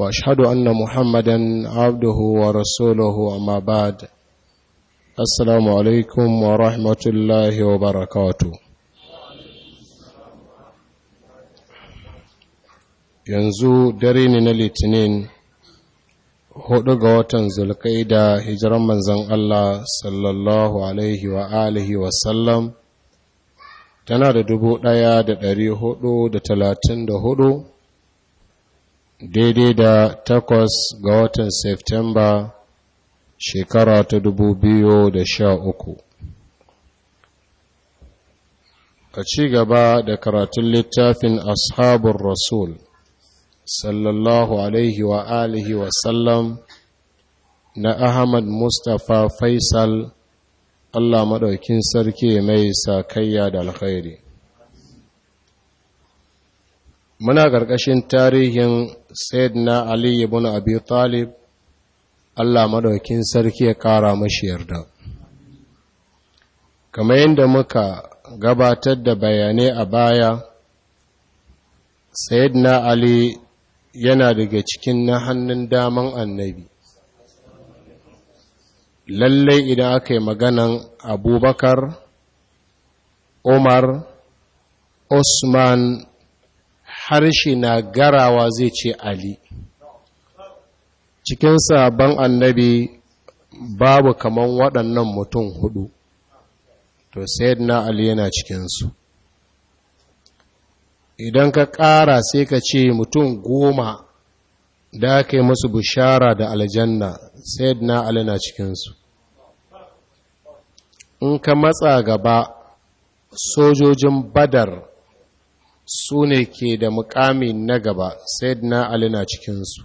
واشهد ان محمدا عبده ورسوله اما بعد السلام عليكم ورحمه الله وبركاته yanzu dare ne na litinin hudu ga watan da hijiran manzan Allah sallallahu alaihi wa alihi wasallam tana da dubu daya da dari hudu da talatin da hudu daidai da takwas ga watan Septemba shekara ta dubu biyu da sha uku. A ci gaba da karatun littafin Ashabun Rasul, sallallahu Alaihi wa alihi wasallam na Ahmad Mustapha Faisal, Allah maɗaukin sarki mai sakayya da alkhairi. muna ƙarƙashin tarihin na ali ibn abi talib allah maɗaukin sarki ya ƙara mashi yarda kamar yadda muka gabatar da bayanai a baya na ali yana daga cikin na hannun daman annabi lallai idan aka yi maganan abubakar umar usman harshe na garawa zai ce ali cikin sabon annabi babu kamar waɗannan mutum hudu to na ali yana cikinsu idan ka ƙara sai ka ce mutum goma da ka yi musu bishara da aljanna na ali na cikinsu in ka matsa gaba sojojin badar su ne ke da mukami na gaba sai na alina cikinsu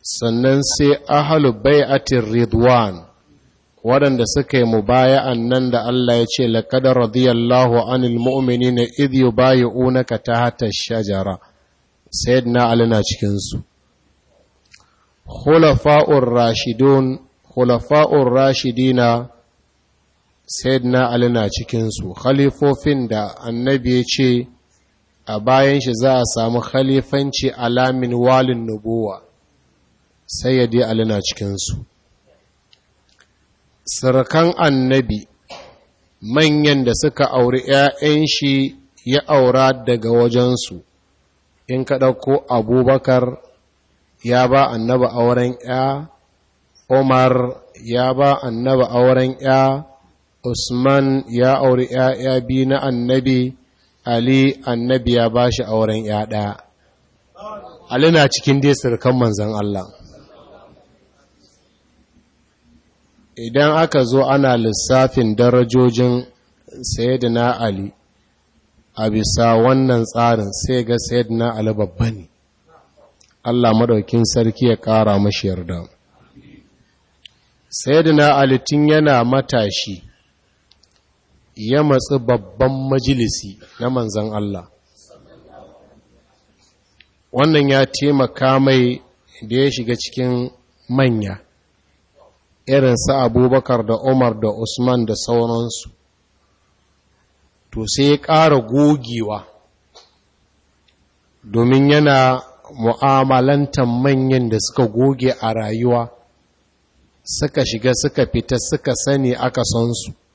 sannan sai ahalu bai'atin ridwan waɗanda suka yi mu mubaya'an nan da Allah ya ce laƙadar radiyallahu anil mu'mini na idiyu bayi'unaka ta hata shajara sai na alina cikinsu hulafa'ur rashidun hulafa'ur rashidina sayyidina ali na cikinsu khalifofin da annabi ya ce a bayan shi za a samu khalifanci alamin walin nubuwa sayyidi ali na cikinsu Sarkan annabi manyan da suka auri 'ya'yan shi ya aura daga wajensu in ka ɗauko abubakar ya ba annaba auren 'ya umar ya ba annaba auren 'ya Usman ya auri ‘ya'ya biyu na annabi, Ali annabi ya ba shi auren ‘ya Ali na cikin dai sirkan manzan Allah. Idan aka zo ana lissafin darajojin Sayyidina Ali, a bisa wannan tsarin sai ga Sayyidina Ali babba ne. Allah maɗaukin sarki ya ƙara mashi yarda. Sayyidina Ali tun yana matashi. ya matsi babban majalisi na manzan Allah wannan ya taimaka mai da ya shiga cikin manya irin sa abubakar da umar da usman da sauransu to sai ya ƙara gogewa domin yana mu'amalantar manyan da suka goge a rayuwa suka shiga suka fita suka sani aka sonsu. su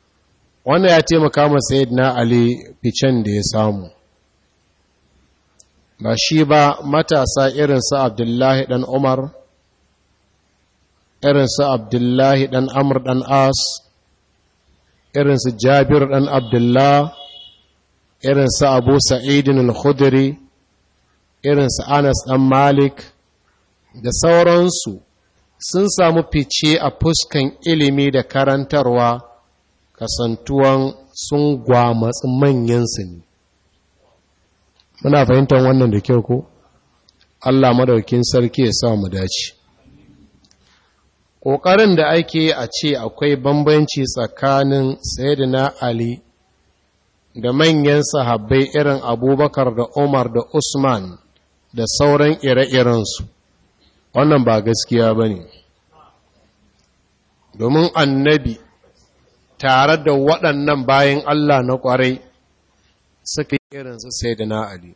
wannan ya taimaka ma na ali ficen da ya samu ba shi ba matasa irinsu abdullahi dan umar irinsu abdullahi dan amur dan as irinsu jabir dan abdullah irinsu abu sa'idin al-khudri irinsu anas dan malik da sauransu sun samu fice a fuskan ilimi da karantarwa kasantuwan sun gwamatsi manyansu ne muna fahimtar wannan da kyau ko Allah madaukin sarki ya sa mu dace ƙoƙarin da ake a ce akwai bambanci tsakanin sayyidina ali da manyan sahabbai irin abubakar da umar da usman da sauran ire-irensu wannan ba gaskiya ba ne domin annabi tare da waɗannan bayan Allah na ƙwarai suka yi irinsu sai da na'ali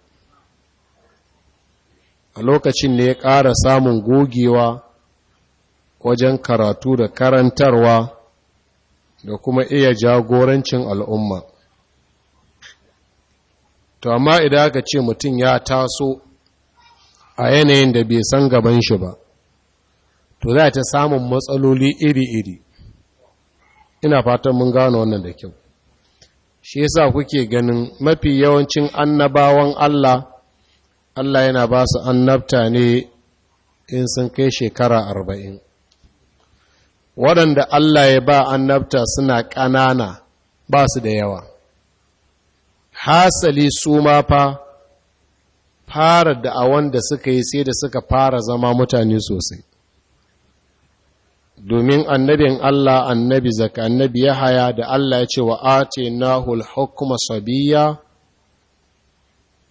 a lokacin ne ya ƙara samun gogewa wajen karatu da karantarwa da kuma iya jagorancin al'umma to amma idan aka ce mutum ya taso a yanayin da bai san gaban shi ba to za ta samun matsaloli iri-iri ina fatan mun gano wannan da kyau shi yasa kuke ganin mafi yawancin annabawan Allah Allah yana ba su annabta ne in sun kai shekara arba'in waɗanda Allah ya ba annabta suna ƙanana ba su da yawa hasali su ma fa fara da a wanda suka yi sai da suka fara zama mutane sosai domin annabin Allah annabi zaka annabi ya haya da Allah ya ce wa ate nahul hukuma sabiya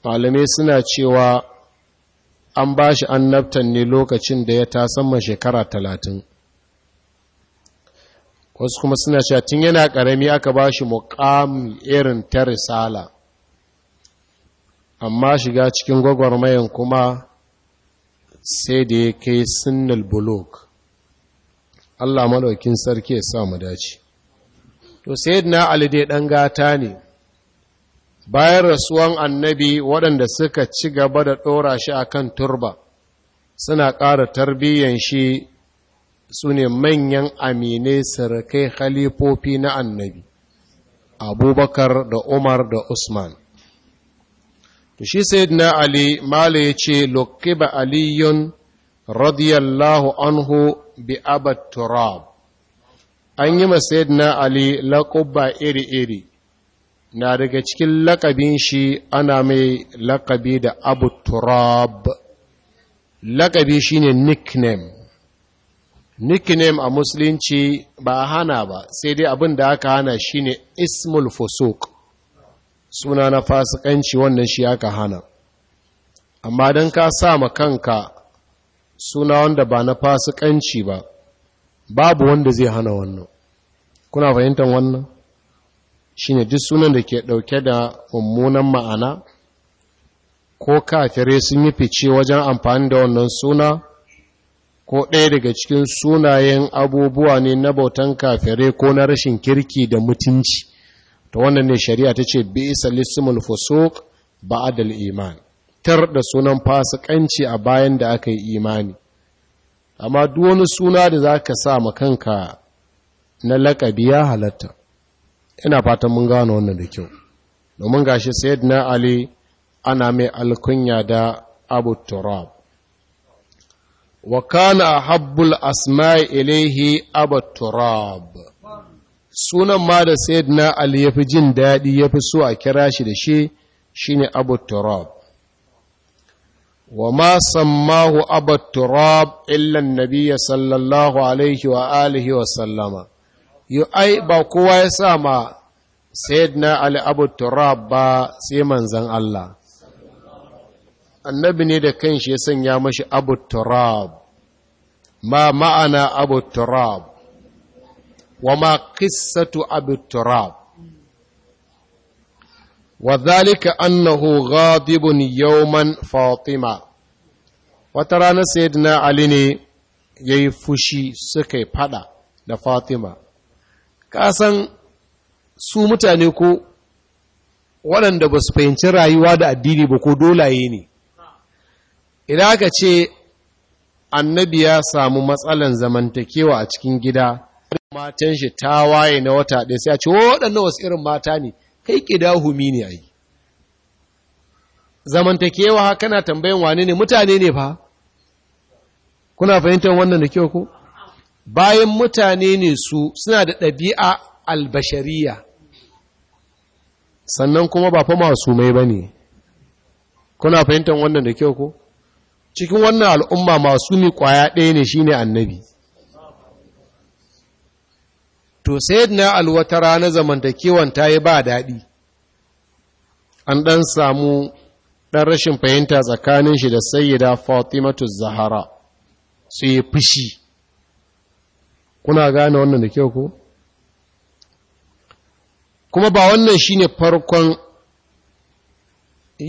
malamai suna cewa an ba shi annabtan ne lokacin da ya tasamma shekara talatin wasu kuma suna cewa tun yana karami aka ba shi muƙami irin ta risala amma shiga cikin gwagwarmayan kuma sai da ya kai sinnal bulok Allah maɗaukin sarki ya sa mu dace to sayyidina Ali dai ɗan gata ne bayan rasuwan annabi waɗanda suka ci gaba da ɗora shi a kan turba suna ƙara tarbiyyan shi su ne manyan amine sarakai khalifofi na annabi abubakar da umar da usman to shi sayyidina ali mala ya ce lokiba aliyun radiyallahu anhu bi abat turab an yi masayidina ali laƙubba iri-iri na daga cikin laƙabin shi ana mai laƙabi da abu laƙabi shine nickname nickname a musulunci ba hana ba sai dai abin da aka hana shine ismul fusuk suna na fasikanci wannan shi aka hana amma don ka sa ma kanka suna wanda ba na fasikanci ba babu wanda zai hana wannan kuna fahimtar wannan shine duk sunan da ke dauke da mummunan ma'ana ko kafirai sun yi fice wajen amfani da wannan suna ko ɗaya daga cikin sunayen abubuwa ne na bautan kafirai ko na rashin kirki da mutunci ta wannan ne shari'a ta ce bi isa lissimul fusuq ba'adal iman fitar da sunan fasikanci a bayan da aka yi imani amma duk wani suna da za ka sa kanka na lakabi ya halatta ina fatan mun gano wannan da kyau domin gashi na ali ana mai alkunya da abu turab wa kana habbul asma'i ilaihi abu turab sunan ma da na ali yafi jin daɗi yafi so a kira shi da shi shine abu turab wa ma sammahu abat turab illa nabiyya sallallahu alaihi wa alihi wa sallama yo ai ba kowa ya sa ma sayyidina ali abu ba sai manzon Allah annabi ne da kanshi ya sanya mashi abu turab ma ma'ana abu wa ma qissatu abu Wazalika zalika annahu ghadibun yawman fatima wata rana sayyidina ali ne yayi fushi suka faɗa da fatima ka su mutane ko waɗanda ba su fahimci rayuwa da addini ba ko dolaye ne idan aka ce annabi ya samu matsalan zamantakewa a cikin gida matan shi ta waye na wata ɗaya sai a ce waɗannan wasu irin mata ne kai kidahumi ne ai zamantakewa kana tambayan wane ne mutane ne fa kuna fahimtar wannan da kyau ko bayan mutane ne su suna da ɗabi'a albashariya sannan kuma ba fa masu mai ba ne kuna fahimtar wannan da kyau ko cikin wannan al'umma masu mi ƙwaya ɗaya ne shine annabi to na alwata rana zamantakewan ta yi ba daɗi an ɗan samu ɗan rashin fahimta tsakanin shi da sayyida fatimatu zahara su yi fushi kuna gane wannan da kyau ko kuma ba wannan shi ne farkon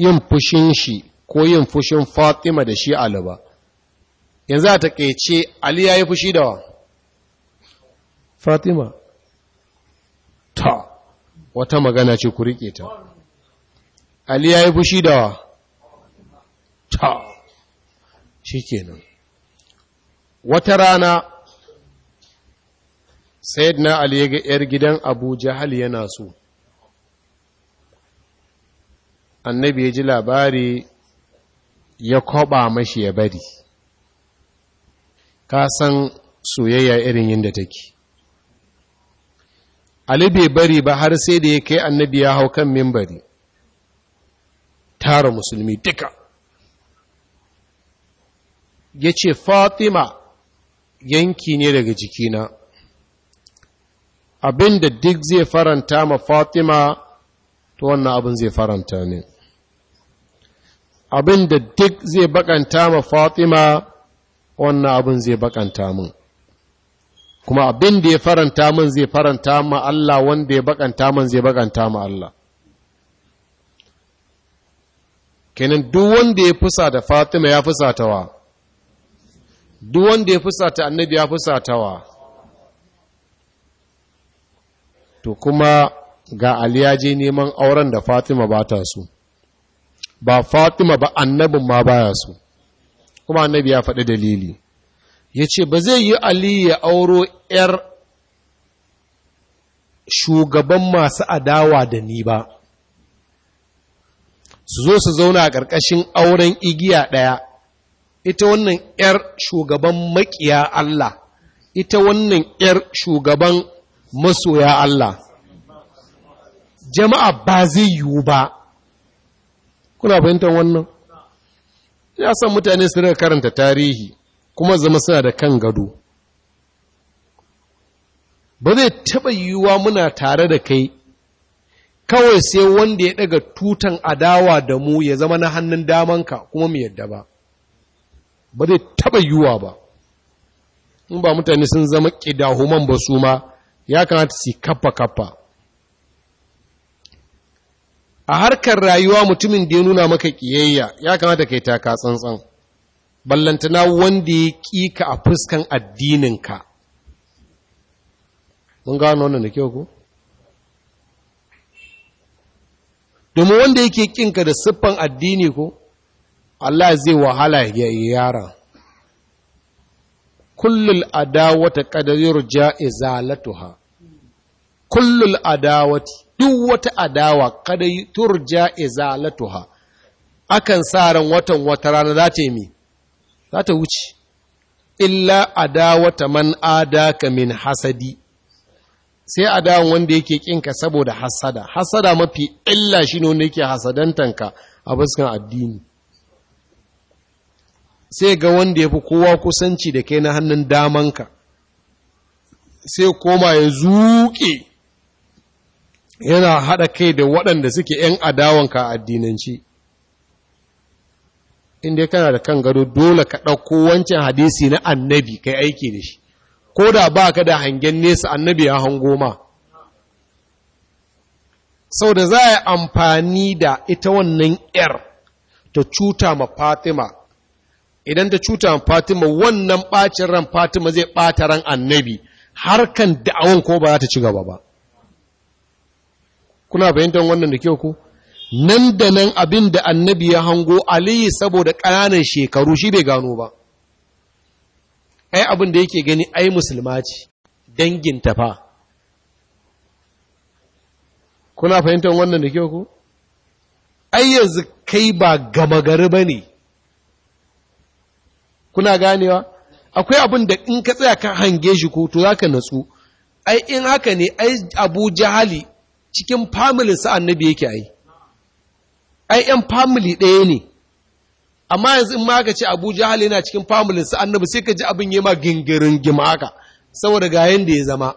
yin fushin shi ko yin fushin fatima da shi ali ba yanzu a taƙaice ali ya yi fushi da wa fatima ta wata magana ce ku riƙe ta ali ya yi fushi da ta shi kenan wata rana na ali ya ga 'yar gidan abu jahal yana so annabi ya ji labari ya koba mashi ya bari ka san soyayya irin yadda take Ali bai bari ba har sai da ya kai annabi ya hau kan mimbari tara musulmi duka ya ce fatima yanki ne daga jikina abin da duk zai faranta ma fatima to wannan abin zai faranta ne abin da duk zai bakanta ma fatima wannan abin zai bakanta mun. kuma abin da ya faranta min zai faranta ma Allah wanda ya bakanta min zai bakanta ma Allah kenan duk wanda ya fusa da Fatima ya fusatawa duk wanda ya fusata annabi ya fusatawa to kuma ga Ali ya je neman auren da Fatima ba ta so ba Fatima ba annabin ma baya so kuma annabi ya faɗi dalili ya ce ba zai yi ali ya auro 'yar shugaban masu adawa da ni ba su zo su zauna a ƙarƙashin auren igiya ɗaya ita wannan 'yar shugaban maƙiya Allah ita wannan 'yar shugaban masoya Allah jama'a ba zai yiwu ba kuna fahimtar wannan ya san mutane su daga karanta tarihi kuma zama suna da kan gado ba zai taɓa yiwuwa muna tare da kai kawai sai wanda ya ɗaga tutan adawa da mu ya zama na hannun damanka kuma mu yadda ba ba zai taba yiwuwa ba in ba mutane sun zama kidahuman ba su ma ya kamata su kappa kappa a harkar rayuwa mutumin da ya nuna maka kiyayya ya kamata kai taka tsantsan ballantana wanda ya ƙi ka a fuskan addininka mun gano wannan da kyau ku domin wanda yake ƙinka da siffan addini ku. Allah zai wahala ya yi yara kullul adawata qadarir ja'izalatuha kullul adawati duk wata adawa qadarir izalatuha, akan sa ran watan wata rana za ta yi mi za ta wuce illa adawata man adaka min hasadi sai adawan wanda yake kinka saboda hasada hasada mafi illa shine wanda yake hasadantanka a fuskan addini sai ga wanda ya fi kowa kusanci da kai na hannun damanka sai koma ya zuƙe yana haɗa kai da waɗanda suke ‘yan adawanka a addinanci inda kana da kan gado dole ka ɗauko wancan hadisi na annabi kai aiki da shi ko da ba ka da hangen nesa annabi ya hango ma sau da za a yi amfani da ita wannan ‘yar ta cuta ma fatima idan ta cuta ma fatima wannan ɓacin ran fatima zai ɓata ran annabi harkan da'awan ko ba za ta ci gaba ba kuna bayyantar wannan da kyau ku nan da nan abin da annabi ya hango aliyu saboda ƙananan shekaru shi bai gano ba ai abin da yake gani ai musulma ce dangin tafa kuna fahimtar wannan da kyau ku ai yanzu kai ba gama gari ba ne kuna ganewa akwai abin da in ka tsaya ka hange shi ko to za ka natsu ai in haka ne ai abu jahali cikin familinsa annabi yake ai ai ‘yan family ɗaya ne, amma yanzu in ma ka ce Abu Jahal yana cikin familin su annabi sai ka ji abin yi ma gingirin gima saboda ga yanda ya zama.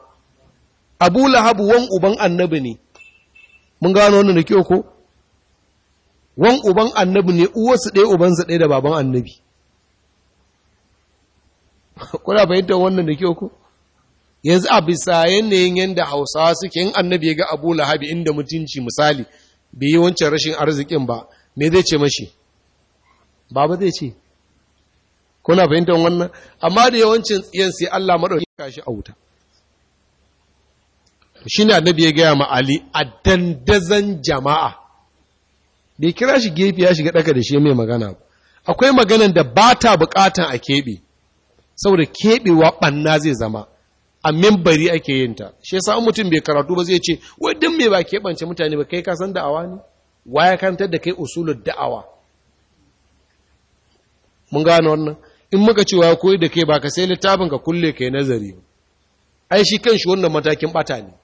Abu Lahabu wan uban annabi ne, mun gano wannan da kyau ko? Wan uban annabi ne, uwarsu ɗaya ubansa ɗaya da baban annabi. Kuna fahimtar wannan da kyau ko? Yanzu a bisa yanayin yanda Hausawa suke yin annabi ya ga Abu Lahabi inda mutunci misali, bai yi wancan rashin arzikin ba me zai ce mashi baba zai ce kuna fahimtar wannan amma da yawancin tsiyan sai Allah madauki kashi a wuta ne annabi ya gaya ma Ali a dandazan jama'a bai kira shi gefe ya shiga ɗaka da shi mai magana akwai maganan da ba ta bukatan a keɓe saboda keɓewa ɓanna zai zama a membari ake yin ta shi yasa an mutum bai karatu ba zai ce wai din me ba keɓance mutane ba kai ka san da'awa ne waya kantar da kai usulul da'awa mun gane wannan in muka cewa koyi da kai ba ka sai littafin ka kulle kai nazari ai shi kanshi wannan matakin bata ne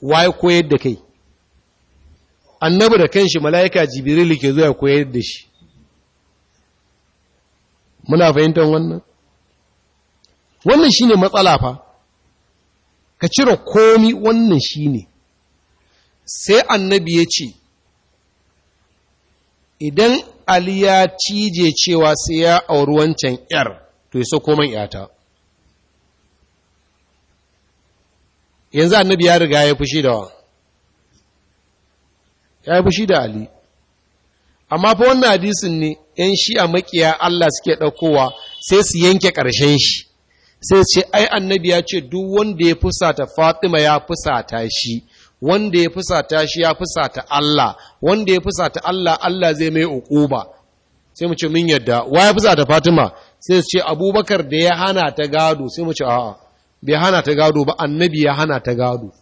waye koyar da kai annabi da kanshi mala'ika jibril ke zuwa koyar da shi muna fahimtar wannan wannan shi ne matsala fa ka cire komi wannan shi ne. sai annabi ya ce idan ali ya cije cewa sai ya auri wancan yar to ya sako man yata yanzu annabi ya riga ya fushi da ya fushi da ali amma fa wannan hadisin ne ‘yan shi a makiya Allah suke ɗaukowa sai su yanke ƙarshen shi, sai ce ai annabi ya ce duk wanda ya fusata fatima ya fusata shi wanda ya fusata shi ya fusata Allah wanda ya fusata Allah Allah zai mai ukuba. sai mu ce mun yadda wa ya fusata fatima sai ce abubakar da ya hana ta gado sai mu ce a'a bai hana ta gado ba annabi ya hana ta gado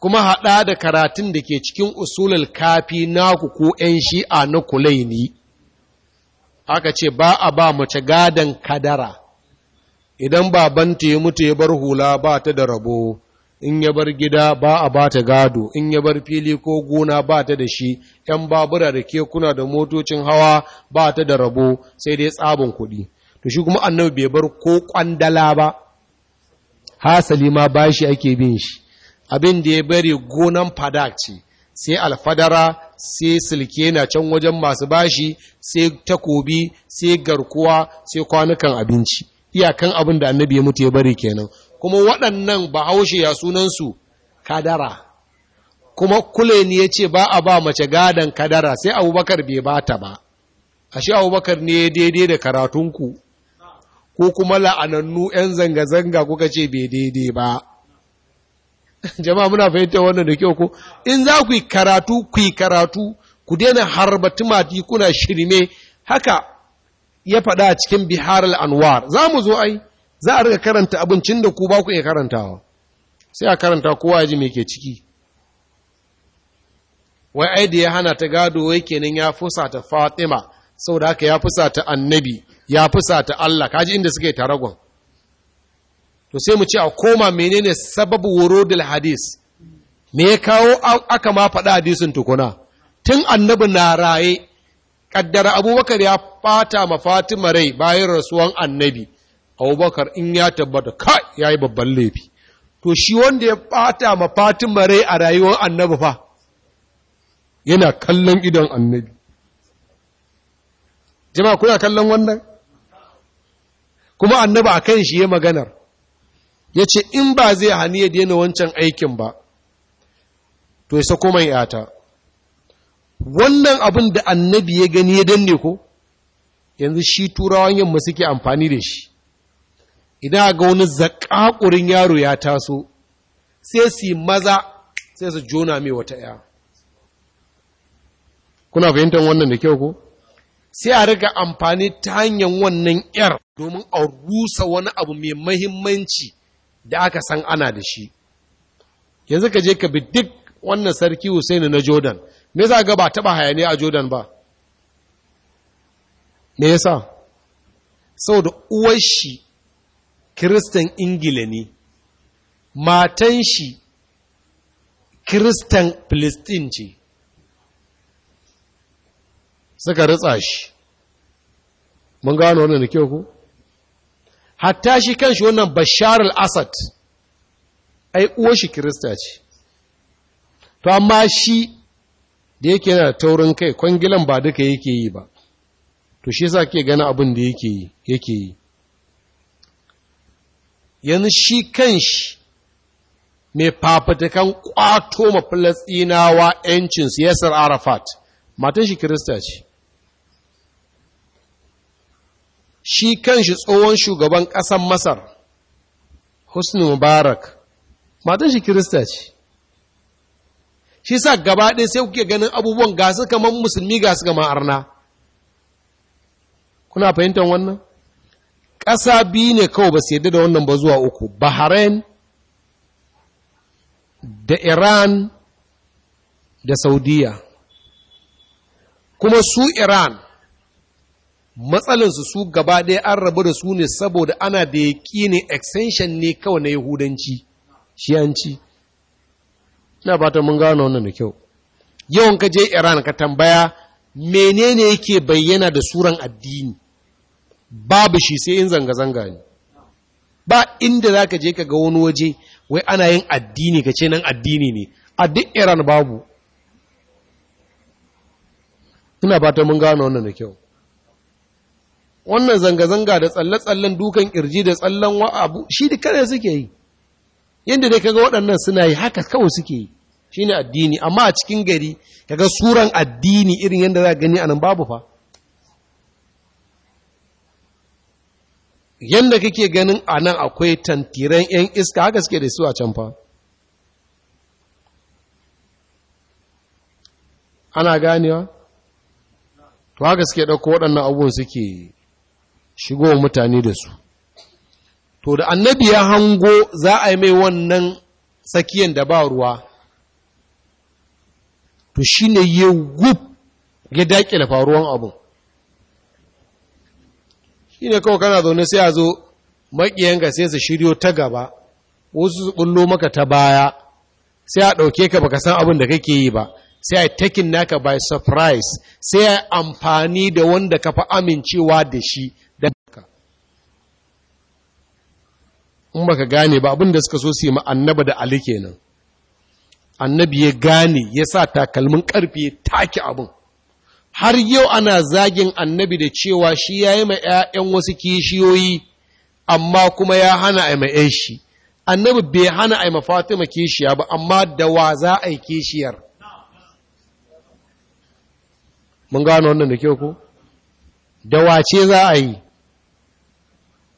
kuma haɗa da karatun da ke cikin usulul kafi naku ko ‘yan shi'a na kulaini aka ce ba a ba mace gadon kadara idan babanta ya mutu ya bar hula ba ta da rabo in ya bar gida ba a ba ta gado in ya bar fili ko gona ba ta da shi ‘yan babura da kekuna da motocin hawa ba ta da rabo sai dai tsabin kuɗi to shi kuma annabi bai bar ko kwandala ba hasali ma ba shi ake bin shi abin da ya bari gonan fadak ce sai alfadara sai silke na can wajen masu bashi sai takobi sai garkuwa sai kwanukan abinci iyakan abin da annabi ya mutu ya bari kenan kuma waɗannan bahaushe ya sunansu kadara kuma kule ne ya ce ba a ba mace gadon kadara sai abubakar bai ba ta ba ashe abubakar ne daidai da karatunku ko kuma la'anannu 'yan zanga-zanga kuka ce bai daidai ba jama'a muna fahimta wannan da kyau ko in za ku yi karatu ku yi karatu ku daina harba tumati kuna shirme haka ya faɗa a cikin bihar anwar za mu zo ai za a riga karanta abincin da ku ba ku iya karantawa sai a karanta kowa ya ji me ke ciki wai ai da ya hana ta gado wai kenan ya fusa ta fatima saboda haka ya fusa ta annabi ya fusa ta allah kaji inda suke taragon to sai mu ce a koma menene sababu da hadis me ya kawo aka ma faɗa hadisin tukuna tun annabi na raye kaddara abubakar ya fata ma fatima rai bayan rasuwan annabi abubakar in ya tabbata ka ya yi babban laifi to shi wanda ya fata ma fatima rai a rayuwar annabi fa yana kallon idon annabi jama'a kuna kallon wannan kuma annabi a kan shi ya maganar ya ce in ba zai hani ya daina wancan aikin ba to ya sako mai yata wannan abin da annabi ya gani ya danne ko yanzu shi turawan yamma suke amfani da shi idan a ga wani zakakurin yaro ya taso sai su yi maza sai su jona mai wata ya kuna fahimtar wannan da kyau ko sai a riga amfani ta hanyar wannan yar domin a rusa wani abu mai mahimmanci da aka san ana da shi yanzu ka je ka bi duk wannan sarki Hussein na Jordan me yasa ga ba taba hayani a Jordan ba me yasa saboda uwar shi Kiristan Ingila ne matan shi Kiristan Filistin ce suka ritsa shi mun gano wannan da kyau ku hatta shi kan shi wannan bashar al-asad ai uwa shi kirista ce to amma shi da yake yana taurin kai kwangilan ba duka yake yi ba to shi yasa ke gana abin da yake yi yake yi yanzu shi kan shi mai fafatakan kwato ma filistinawa yancinsu siyasar arafat matan shi kirista ce shi kanshi tsohon shugaban ƙasar masar husni mubarak matan shi kirista ce shi sa gaba ɗaya sai kuke ganin abubuwan gasu kamar musulmi gasu kamar arna kuna fahimtar wannan ƙasa biyu ne kawai ba su yadda da wannan ba zuwa uku bahrain da iran da saudiya kuma su iran matsalinsu su gaba ɗaya an rabu da su ne saboda ana da yaƙi ne extension ne kawai na yahudanci Shi ci. ina fatan mun gano wannan da kyau yawan ka je iran ka tambaya menene yake bayyana da suran addini babu shi sai in zanga-zanga ne ba inda za ka je ka ga wani waje wai ana yin addini ka ce nan addini ne a duk iran babu ina ta mun gano wannan da kyau wannan zanga-zanga da tsalle-tsallen dukan kirji da tsallen wa'abu abu shi dukkanin suke yi yadda dai kaga waɗannan suna yi haka kawai suke yi Shi ne addini amma a cikin gari kaga suran addini irin yadda za a gani anan babu fa yadda kake ganin a nan akwai tantiran 'yan iska haka suke da su a can fa ana ganewa to haka suke ɗauko waɗannan abubuwan suke yi. shigo mutane da su to da annabi ya hango za a yi mai wannan tsakiyan da ba ruwa to shi ne ya gub ya daƙila faruwan abin shi ne kawai kana zaune sai a zo maƙiyanka sai su shiryo ta gaba wasu su ɓullo maka ta baya sai a ɗauke ka baka san abin da kake yi ba sai a takin naka by surprise sai a amfani da wanda ka fi amincewa da shi in baka gane ba abin suka so su yi ma annaba da ali kenan annabi ya gane ya sa takalmin karfi ya take abin har yau ana zagin annabi da cewa shi ya yi ma 'ya'yan wasu kishiyoyi amma kuma ya hana a mai shi annabi bai hana a ma fatima kishiya ba amma da wa za a yi kishiyar mun gano wannan da kyau ko da wace za a yi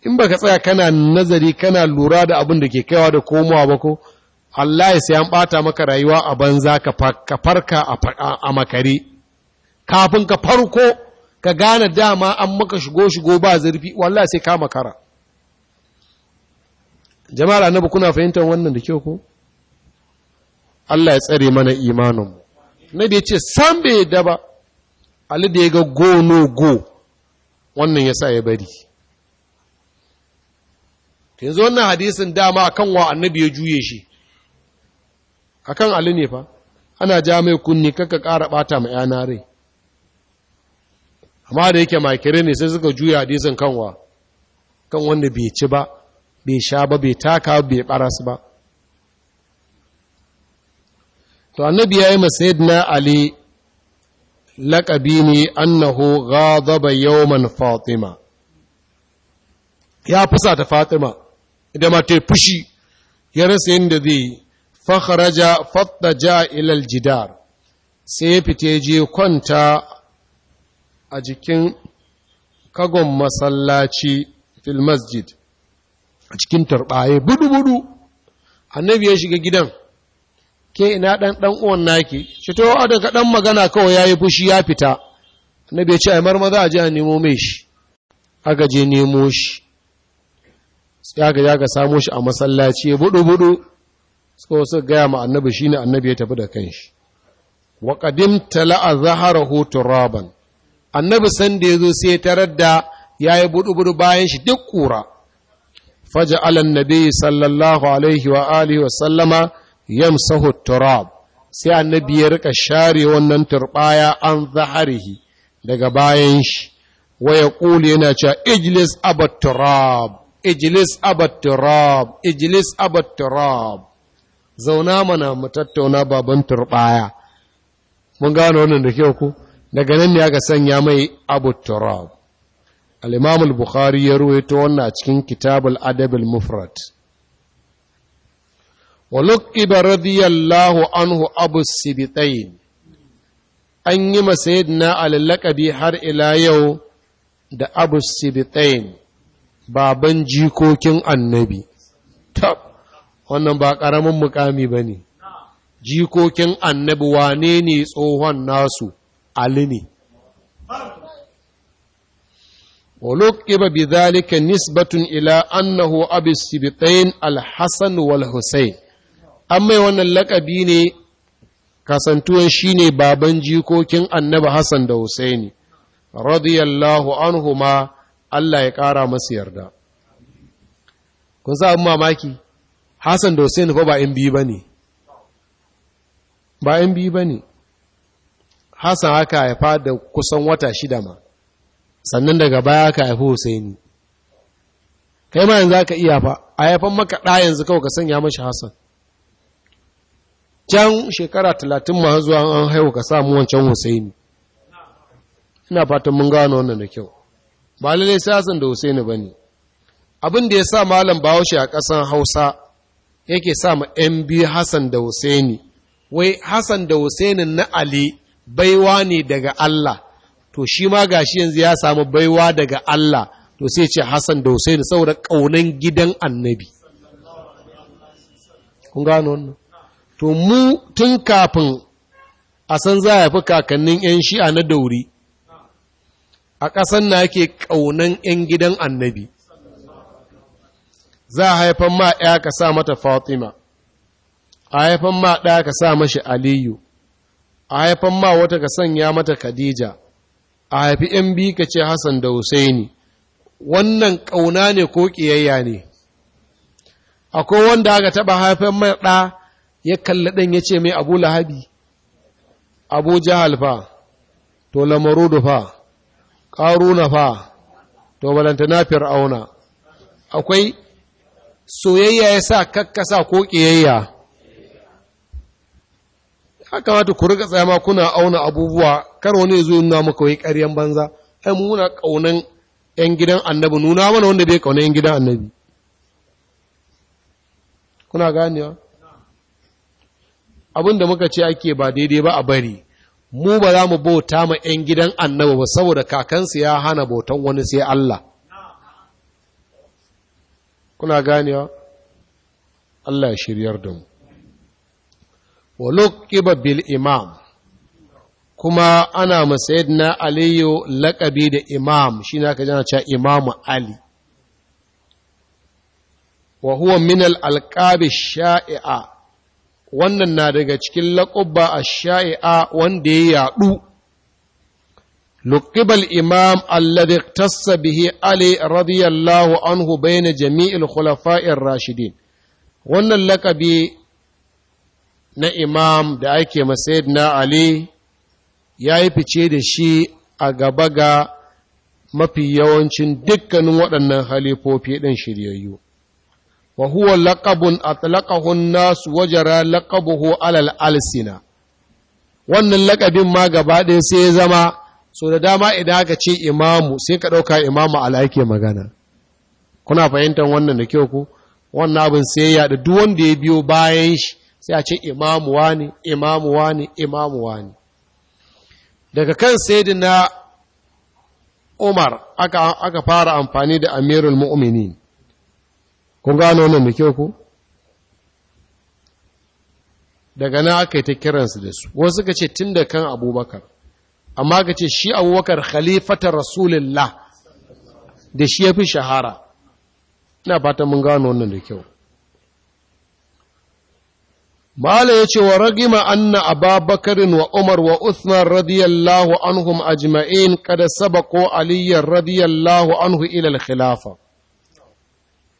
in ba ka tsaya kana nazari kana lura da abin da ke kaiwa da komowa ba ko Allah ya sai an bata maka rayuwa a banza ka farka a makare kafin ka farko ka gane dama an maka shigo shigo ba zurfi wallahi sai ka makara jama'a annabi kuna fahimtar wannan da kyau ko Allah ya tsare mana imaninmu nabi ya ce san bai da ba ali da ya ga go no go wannan yasa ya bari yanzu wannan hadisin dama akan wa annabi ya juye shi akan ali ne fa ana ja mai kunni kaka ƙara ɓata ma yana rai amma da yake makire ne sai suka juya hadisin kanwa kan wanda bai ci ba bai sha ba bai taka bai baras ba to annabi ya yi masayidina ali laƙabi ne annahu ghadaba yawman fatima ya fusa ta fatima Da ma fushi ya rasa yin da zai yi fakharaja fattaja ilal jidar sai ya fita je kwanta a jikin kagon masallaci fil masjid a cikin turbaye budu-budu annabi ya shiga gidan ke ina ɗan dan uwan naki shi to a daga ɗan magana kawai yayi fushi ya fita annabi ya ce ai marmaza a je a nemo mai shi aka je nemo shi sai aka ga samu samo shi a masallaci budu-budu so gaya ma annabi ne annabi ya tafi da kanshi wa qadim tala'a zaharahu turaban annabi san da yazo sai tarar da yayi budu-budu bayan shi duk kura faja'ala annabi sallallahu alaihi wa alihi wa sallama yamsahu turab sai annabi ya rika share wannan turbaya an zaharihi daga bayan shi waya yaqulu yana cewa ijlis abat turab ijlis abatturab ijlis abatturab zauna mana mu tattauna baban turbaya mun gano wannan da kyau ku daga nan ne aka sanya mai turab al-imam al-bukhari ya ruwaito wannan a cikin kitab al-adab al-mufrad wa luqiba radiyallahu anhu abu sibitain an yi na al-laqabi har ila yau da abu sibitain baban jikokin annabi ta wannan ba ƙaramin mukami ba ne jikokin annabi wa ne ne tsohon nasu alini walok iba bi zalika nisbatun ila annahu abis sibitain alhassan walhussain an mai wannan lakabi ne kasantuwan shine baban jikokin annabi hassan da hussaini radiyallahu anhu ma Allah ya ƙara masu yarda kun sa abin mamaki Hassan da Hussein fa ba ‘yan biyu ba ne ba ‘yan biyu ba ne Hassan haka haifa da kusan wata shida ma sannan daga baya haka haifi Hussein kai ma yanzu haka iya fa a haifan maka ɗa yanzu kawai ka sanya mashi Hassan can shekara talatin ma zuwa an haihu ka samu wancan Hussein ina fatan mun gano wannan da kyau ba lalle sai Hassan da Husaini bane abin da sa malam Bahaushe a ƙasar Hausa yake sa ma yan biyu Hassan da Husaini wai Hassan da Husaini na Ali baiwa ne daga Allah to shi ma gashi yanzu ya samu baiwa daga Allah to sai ce Hassan da Husaini saboda kaunan gidan Annabi kun gano wannan to mu tun kafin a san za a fi kakannin 'yan shi'a na dauri a ƙasan na ke ƙaunan 'yan gidan annabi za a haifan ma ɗaya ka sa mata fatima a haifan ma ɗaya ka sa mashi aliyu a haifan ma wata ka sanya mata khadija a haifi 'yan bi ka ce hassan da husaini wannan ƙauna ne ko ƙiyayya ne akwai wanda aka taɓa haifan mai ɗa ya kalli ɗan ya ce mai abu lahabi abu jahal fa to lamarudu fa ƙaruna fa to na fir'auna akwai soyayya ya sa kakkasa ko ƙiyayya haka mata ku riga tsaya ma kuna auna abubuwa kar wani zo nuna maka wai ƙaryan banza ai muna ƙaunan 'yan gidan annabi nuna mana wanda bai ƙaunan 'yan gidan annabi kuna ganewa abinda muka ce ake ba daidai ba a bari mu ba za mu bauta ma 'yan gidan annaba ba saboda kakansu ya hana bautan wani sai Allah kuna ganewa Allah ya shiryar da mu ba bil imam kuma ana masayid na aliyu laƙabi da imam shi na ka jana cewa imamu ali wa huwa minal alƙabi sha'i'a wannan na daga cikin laƙubba a sha'i'a wanda ya yaɗu لقب imam الذي tassa به علي radiyallahu anhu عنه بين جميع الخلفاء wannan lakabi na imam da ake masayid na Ali ya yi fice da shi a gaba ga mafi yawancin dukkanin waɗannan halifofi ɗin shiryayyu wa huwa laqabun atlaqahu an alsina wannan lakabin ma gaba ɗaya sai ya zama so da dama idan aka ce imamu sai ka ɗauka imamu ala yake magana kuna fahimtar wannan da kyau ku wannan abin sai ya duk wanda ya biyo bayan shi sai a ce wani imamu wani imamu wani daga kan saidina Umar aka, fara amfani da Amirul kun gano wannan da kyau ku daga na aka yi ta kiransu da su wasu ka ce tun da kan abubakar amma ka ce shi abubakar khalifata rasulullah da shi ya fi shahara ina fata mun gano wannan da kyau Mala ya ce wa ragima anna ababakarin wa Umar wa Uthman radiyallahu anhum ajma'in kada sabako aliyar radiyallahu anhu ilal khilafa.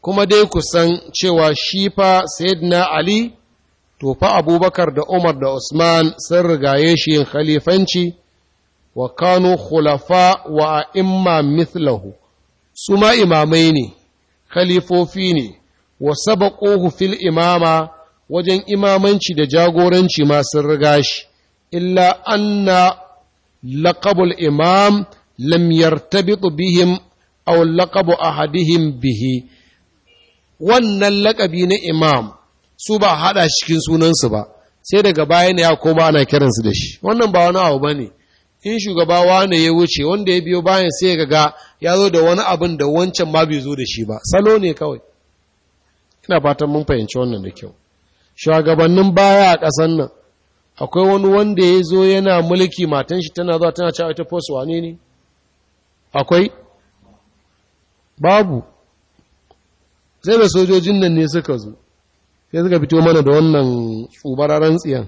kuma dai ku san cewa shi fa sayyidina ali to fa abubakar da umar da usman sun rigaye shi yin khalifanci wa kanu khulafa wa imma mithlahu su ma imamai ne khalifofi ne wa sabaquhu fil imama wajen imamanci da jagoranci ma sun riga shi illa anna laqabul imam lam yartabit bihim aw laqabu ahadihim bihi wannan lakabi na imam su ba haɗa cikin sunansu ba sai daga baya ya koma ana kiransu da shi wannan ba wani abu ba ne in shugaba wane ya wuce wanda ya biyo bayan sai ga ga ya zo da wani abin da wancan ma bai zo da shi ba salo ne kawai ina fatan mun fahimci wannan da kyau shugabannin baya a ƙasan nan akwai wani wanda ya zo yana mulki matan shi tana zuwa tana cewa ita post wane ne akwai babu sai da sojojin nan ne suka zo sai suka fito mana da wannan tsubararen tsiyan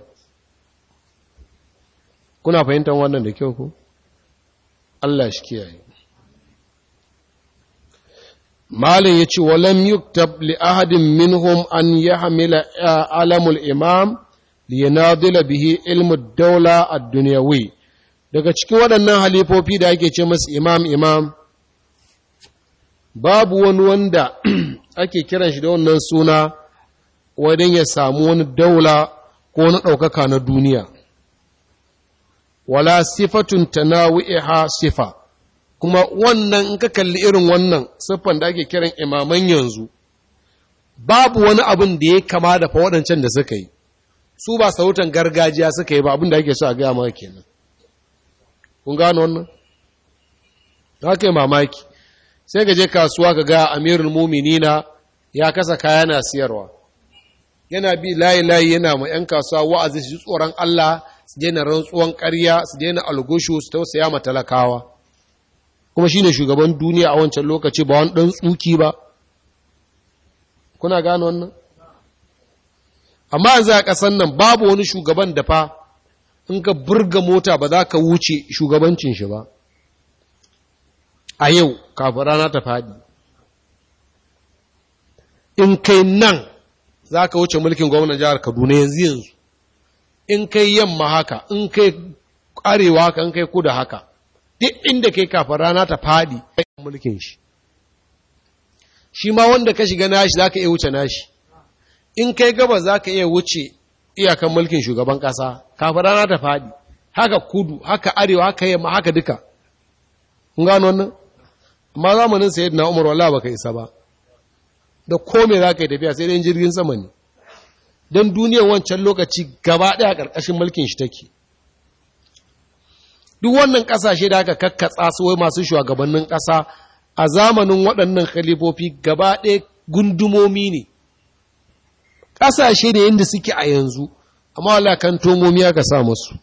kuna fahimtar wannan da kyau ku Allah shi kiyaye malin ya ce walam yuktab li ahadin minhum an yahmila alamul imam yanadila bihi ilmu daula a duniyawi daga cikin waɗannan halifofi da ake ce masu imam imam babu wani wanda ake kiran shi da wannan suna wadan ya samu wani daula ko na ɗaukaka na duniya wala sifatun ta na ha sifa kuma wannan in ka kalli irin wannan siffan da ake kiran imaman yanzu babu wani abin da ya kama da fa waɗancan da suka yi su ba sautan gargajiya suka yi ba abin da ake so a gaya maka kenan kun gano wannan ta kai mamaki sai ka je kasuwa ka ga amirul muminina ya kasa kaya na siyarwa yana bi layi layi yana ma yan kasuwa wa'azi su tsoron Allah su daina rantsuwan ƙarya su daina algushu su tausaya ma talakawa kuma shine shugaban duniya a wancan lokaci ba wani dan tsuki ba kuna gano wannan amma za a ƙasan nan babu wani shugaban da fa in ka burga mota ba za ka wuce shugabancin shi ba a yau kafin rana ta faɗi in kai nan za ka wuce mulkin gwamnan jihar kaduna yanzu yanzu in kai yamma haka in kai arewa haka in kai kudu haka duk inda kai kafin rana ta faɗi mulkin shi shi ma wanda ka shiga nashi za ka iya wuce nashi in kai gaba za ka iya wuce iyakan mulkin shugaban ƙasa kafin rana ta faɗi haka kudu haka arewa haka yamma haka duka gano wannan amma zamanin sayid na umar wala baka isa ba da kome za ka yi tafiya sai dai jirgin sama ne don duniyar wancan lokaci gaba ɗaya ƙarƙashin mulkin shi take duk wannan ƙasashe da aka kakkatsa su wai masu shugabannin ƙasa a zamanin waɗannan khalifofi gaba ɗaya gundumomi ne ƙasashe da yadda suke a yanzu amma wala kan tomomi aka sa musu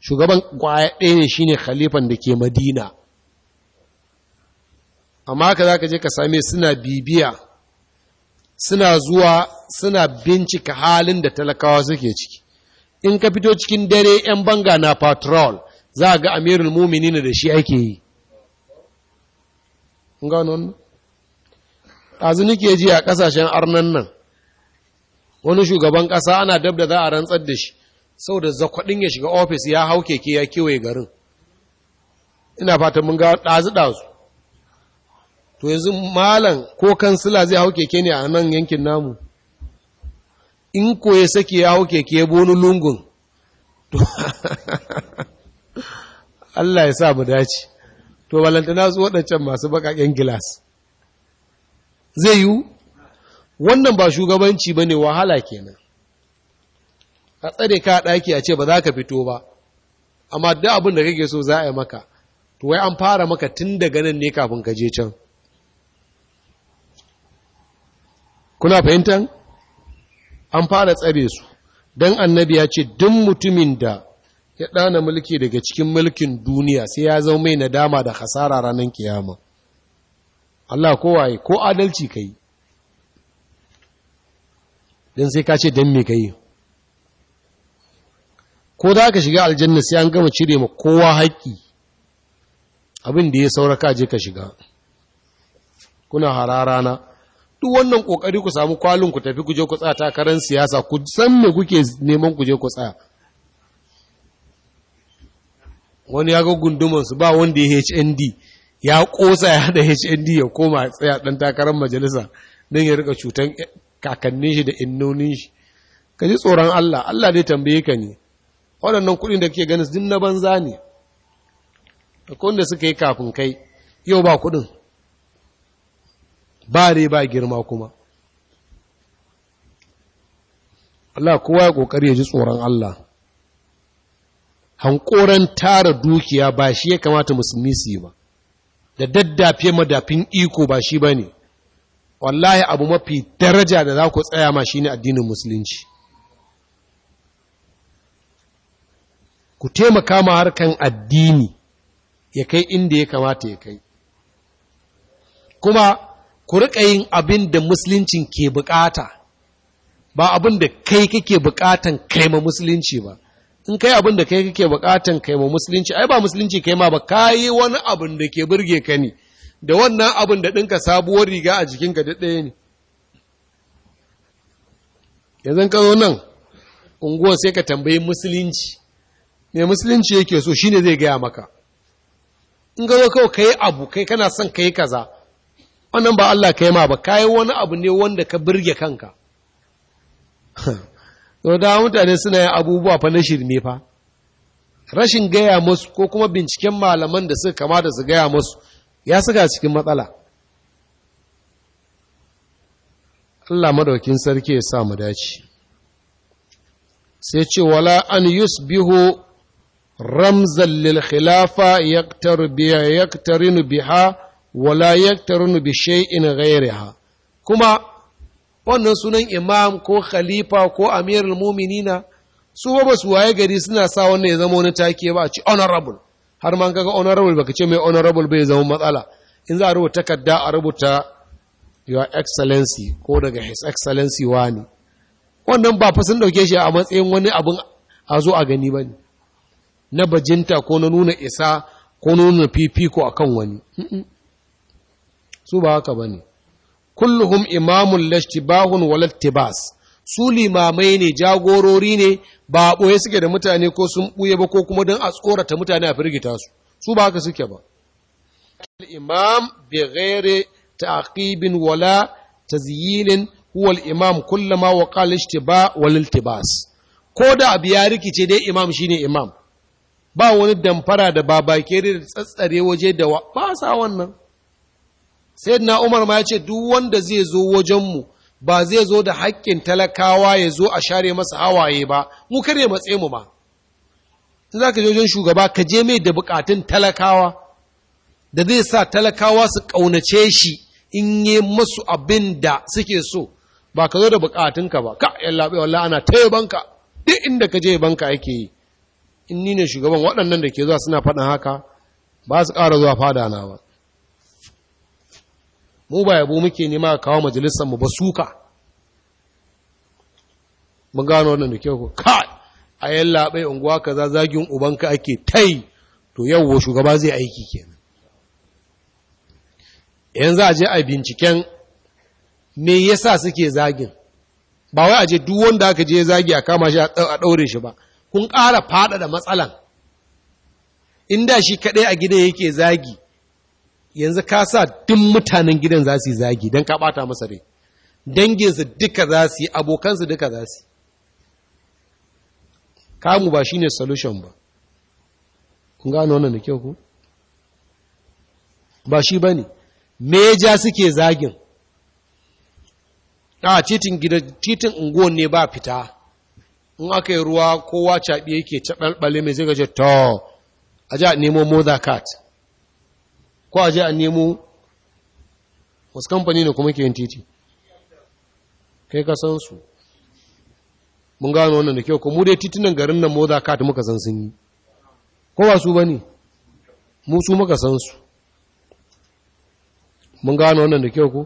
shugaban kwaya ɗaya ne shine khalifan da ke madina amma haka za ka je ka same suna bibiya suna zuwa suna bincika halin da talakawa suke ciki in ka fito cikin dare 'yan banga na patrol za ga amirul mumini da shi ake yi ɗazu nike ji a ƙasashen arnan nan wani shugaban ƙasa ana dab da za a rantsar da shi sau da zakwaɗin ya shiga ofis ya hau keke ya kewaye garin ina fata mun ga ɗazu-ɗazu to yanzu malam ko kansila zai hau keke ne a nan yankin namu in ko ya sake ya hau keke ya bonu lungun to Allah ya sa mu dace to balantana su waɗancan masu baƙaƙen gilas zai yiwu wannan ba shugabanci ba ne wahala kenan a tsare ka ɗaki a ce ba za ka fito ba amma duk abin da kake so za a yi maka to wai an fara maka tun daga nan ne kafin ka je can kuna fahimtan an fara tsare su don annabi ya ce duk mutumin da ya ɗana mulki daga cikin mulkin duniya sai ya zo mai nadama da hasara ranar kiyama Allah kowaye ko adalci ka yi don sai ka ce don me ka ko da ka shiga aljanna sai an gama cire ma kowa haƙƙi abinda da ya sauraka je ka shiga kuna hararana duk wannan kokari ku samu kwalin ku tafi ku je ku tsaya takarar siyasa ku san me kuke neman ku ku tsaya wani ya ga gunduman su ba wanda ya HND ya kosa ya hada HND ya koma tsaya dan takarar majalisa don ya rika cutan kakannin shi da innonin shi ka ji tsoron Allah Allah dai tambaye ka ne waɗannan kuɗin da kake ganin din na banza ne da wanda suka yi kafin kai yau ba kuɗin ba dai ba girma kuma Allah kowa ya kokari ya ji tsoron Allah hankoran tara dukiya ba shi ya kamata musulmi su yi ba da daddafe madafin iko ba shi ba ne wallahi abu mafi daraja da za ku tsaya ma shi ne addinin musulunci ku taimaka ma harkan addini ya kai inda ya kamata ya kai kuma ku riƙa yin abin da musuluncin ke bukata ba abin da kai kake bukatan kaima musulunci ba in kai abin da kai kake bukatan kaima musulunci ai ba musulunci kai ma ba Ka yi wani abin da ke burge ka ne da wannan abin da ɗinka sabuwar riga a jikin da ɗaya ne yanzu ka zo nan unguwar sai ka tambayi musulunci me musulunci yake so shine zai gaya maka in ga zo kawai kai abu kai kana son kai kaza wannan ba Allah ka yi ma ba kayi wani abu ne wanda ka birge kanka da mutane suna yin abubuwa fa na shirme fa rashin gaya musu ko kuma binciken malaman da suka kamata su gaya musu ya suka cikin matsala Allah madaukin sarki ya sa mu dace sai ce wala an yusbihu ramzan lil khilafa yaktar biha wala yaktarunu bi shay'in ghayriha kuma wannan sunan imam ko khalifa ko amirul mu'minina su ba su waye gari suna sa wannan ya zama wani take ba a ci honorable har man kaga honorable baka ce mai honorable bai zama matsala in za a rubuta takarda a rubuta your excellency ko daga his excellency wani wannan ba fa sun dauke shi a matsayin wani abin a zo a gani bane na bajinta ko na nuna isa ko na nuna fifiko akan wani su ba haka bane kulluhum imamun lashtibahun walattibas su limamai ne jagorori ne ba a ɓoye suke da mutane ko sun ɓuye ba ko kuma don a tsorata mutane a firgita su su ba haka suke ba imam bi ghairi ta'qibin wala tazyilin huwa al-imam kullama wa qala ishtiba wal iltibas ko da abu ya rikice dai imam shine imam ba wani damfara da babakere da tsatsare waje da ba sa wannan na umar ma ya ce duk wanda zai zo wajenmu ba zai zo da haƙƙin talakawa ya zo a share masa hawaye ba mu kare matse mu ba in za ka je wajen shugaba ka je mai da buƙatun talakawa da zai sa talakawa su ƙaunace shi in yi masu abin da suke so ba ka zo da buƙatunka ba ka yalla bai wallahi ana ta banka duk inda ka je banka ake yi in ni ne shugaban waɗannan da ke zuwa suna faɗin haka ba su ƙara zuwa fada na ba mu ba yabo muke nema kawo majalisar mu ba suka mun gano wannan da kyau ka! a yan labai unguwa kaza zagin ubanka ake tai to yawo shugaba zai aiki kenan yanzu a je a binciken me yasa suke zagin ba wai a je duk wanda aka je zagi a kama shi a ɗaure shi ba kun ƙara faɗa da matsalan inda shi kaɗai a gida yake zagi yanzu ka sa duk mutanen gidan za su yi zagi don ka ɓata masa rai danginsu duka za su yi abokansu duka za su kamu ba shine solution ba kun gano wannan da kyau ku ba shi ba ne meja suke zagin a titin gida titin unguwan ne ba fita in aka yi ruwa kowa caɓe yake caɓalɓale mai zai gaje to a ja nemo moza cat ko a je a nemo wasu kamfani ne kuma ke yin titi kai ka san su mun gano wannan da kyau ko mu dai titunan garin nan moza kati muka san sun yi ko ba su ba mu musu muka san su mun gano wannan da kyau ko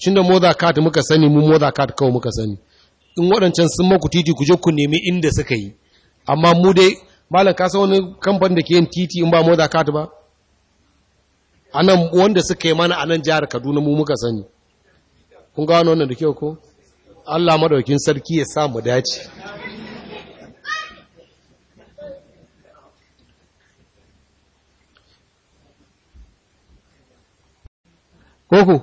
tunda moza kati muka sani mu moza kati kawai muka sani in waɗancan sun maku titi ku je ku nemi inda suka yi amma mu dai malam sa wani kamfanin da ke yin titi in ba moza kati ba anan wanda suka yi mana anan jihar Kaduna mu muka sani kun gano wannan da kyau ko Allah madaukin sarki ya sa mu dace koko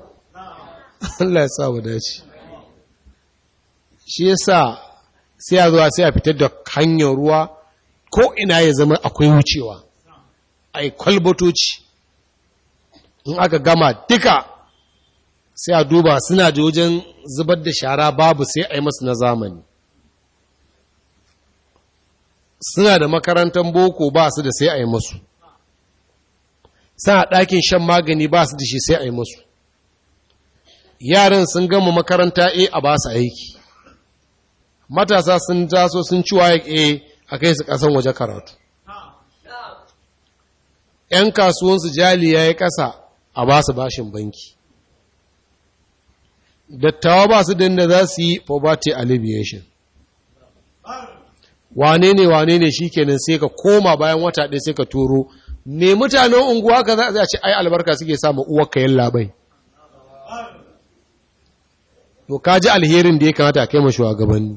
Allah ya sa mu dace shi yasa sai a zuwa sai a fitar da hanyar ruwa ko ina ya zama akwai wucewa ai kwalbatoci in aka gama duka sai a duba suna da wajen zubar da shara babu sai a yi masu na zamani suna da makarantar boko ba su da sai a yi masu suna ɗakin shan magani ba su da shi sai a yi masu yaran sun gama makaranta a eh, a ba su aiki matasa sun taso sun ciwa a eh, a kai su ƙasan waje karatu ‘yan kasuwansu jali ya yi ƙasa a ba su bashin banki dattawa ba su dinda za su yi poverty alleviation wane ne wane ne shi kenan sai ka koma bayan wata ɗaya sai ka turo me mutanen unguwa ka za a ce ai albarka suke samu ka yin labai to ka ji alherin da ya kamata kai ma shugabanni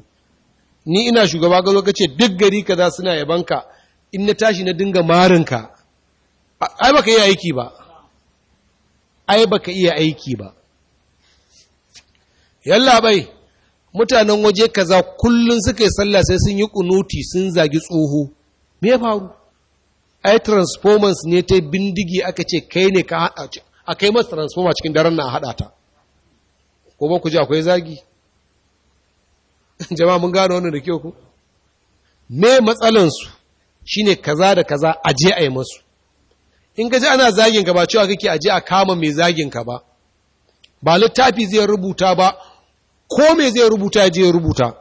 ni ina shugaba gazo ka ce duk gari ka za suna yabanka in na tashi na dinga marinka ai baka yi aiki ba ai baka iya aiki ba yalla bai mutanen waje kaza kullun suka yi sallah sai sun yi kunuti sun zagi tsoho me ya faru ai transformers ne ta bindigi aka ce kai ne ka hada ce a kai masa transformer cikin daren na hada ta ko ba ku ji akwai zagi jama'a mun gano wannan da kyau ku me su shine kaza da kaza aje a yi masu in ka ji ana zaginka ba cewa kake aje a kama mai zagin ka ba ba littafi zai rubuta ba ko mai zai rubuta je rubuta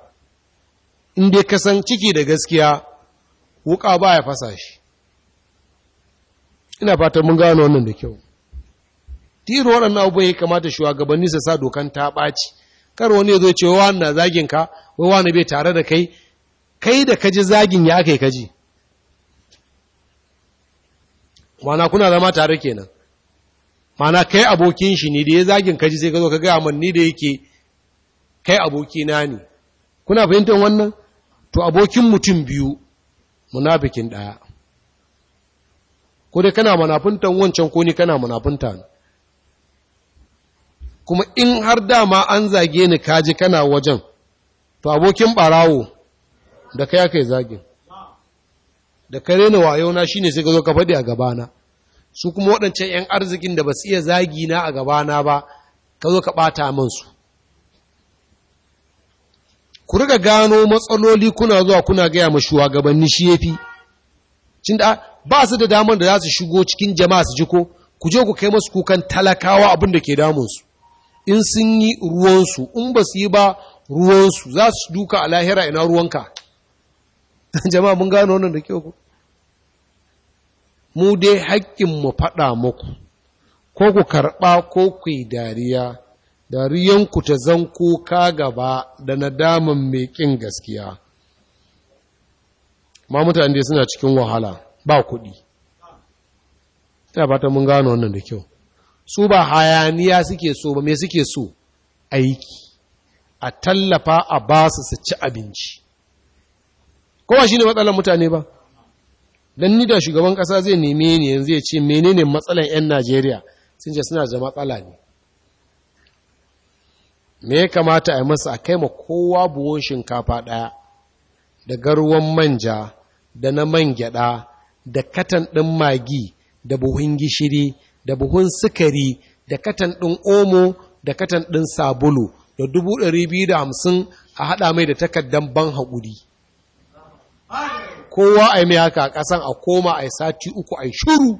in dai ka san ciki da gaskiya wuka ba ya fasa shi ina fatan mun gano wannan da kyau tiro waɗannan abubuwan ya kamata shugabanni su sa dokan ta ɓaci kar wani ya zo ce wa na zagin ka wai wani bai tare da kai kai da kaji zagin ya aka kaji mana kuna zama tare kenan mana kai abokin shi ne da ya zagin kaji sai ka zo ka gaya man ni da yake kai abokina ne kuna fahimtar wannan to abokin mutum biyu munafikin daya ko dai kana munafuntan wancan ko ni kana munafunta kuma in har dama an zage ni kaji kana wajen to abokin barawo da kai aka zagin da ka rena wayona shine sai ka zo ka faɗi a gabana su kuma waɗancan 'yan arzikin da ba su iya zagi na a gabana ba ka zo ka ɓata man su ku riga gano matsaloli kuna zuwa kuna gaya ma shugabanni shi ya cin da ba su da damar da za su shigo cikin jama'a su ji ko ku je ku kai masu kukan talakawa abin da ke damunsu in sun yi ruwansu in ba su yi ba ruwansu za su duka a lahira ina ruwanka jama'a mun gano wannan da kyau ku mu dai haƙƙin mu faɗa muku ko ku karɓa ko ku yi dariya dariyanku ta zan kuka gaba da nadaman mai ƙin gaskiya ma mutane suna cikin wahala ba kuɗi ta fata mun gano wannan da kyau su ba hayaniya suke so ba me suke so aiki a tallafa a basu su ci abinci kowa shi ne matsalar mutane ba don ni da shugaban ƙasa zai neme ni yanzu ya ce menene matsalan 'yan najeriya sun ce suna da matsala ne me ya kamata a yi masa a kai ma kowa buwon shinkafa ɗaya da garuwan manja da na man gyaɗa da katan ɗin magi da buhun gishiri da buhun sukari da katan ɗin omo da katan ɗin sabulu da dubu da hamsin a haɗa mai da takardar ban haƙuri kowa a yi mai haka a ƙasan a koma a yi sati uku a yi shuru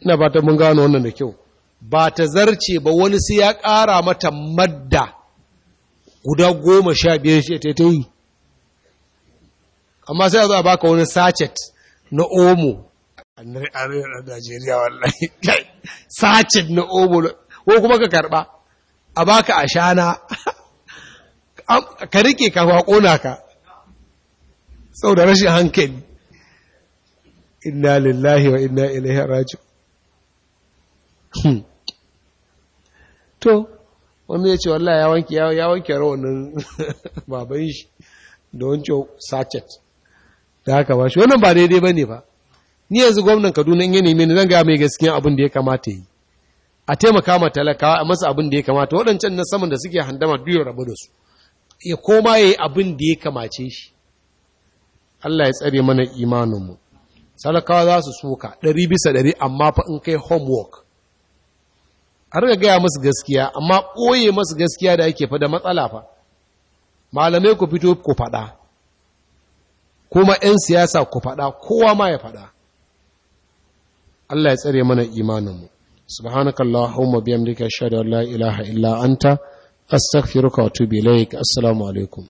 ina ba ta mun gano wannan da kyau ba ta zarce ba wani sai ya ƙara mata madda guda goma sha biyar shi ta yi amma sai a zo a baka wani sachet na omo a Najeriya wallahi sachet na omo ko kuma ka karba a baka ashana ka rike ka kona ka sau da rashin hankali inna lillahi wa inna ilaihi raji'un hmm. to wani ya ce wallahi ya wanke ya wanke rawanin baban shi da wancho sachet da haka ba shi wannan ba daidai ba ne ba ni yanzu gwamnan kaduna in ya neme zan gaya mai gaskiya abin da ya kamata yi a taimaka ma talakawa a masa abin da ya kamata waɗancan na saman da suke handama duk rabu da su ya koma ya yi abin da ya kamace shi Allah ya tsare mana imaninmu salakawa za su soka ɗari bisa ɗari amma fa in kai homework a riga gaya masu gaskiya amma ɓoye masu gaskiya da ake fa da matsala fa malamai ku fito ku faɗa kuma 'yan siyasa ku faɗa kowa ma ya faɗa Allah ya tsare mana imaninmu subhanakallahumma bihamdika ashhadu an la ilaha illa anta astaghfiruka wa atubu ilaik assalamu alaikum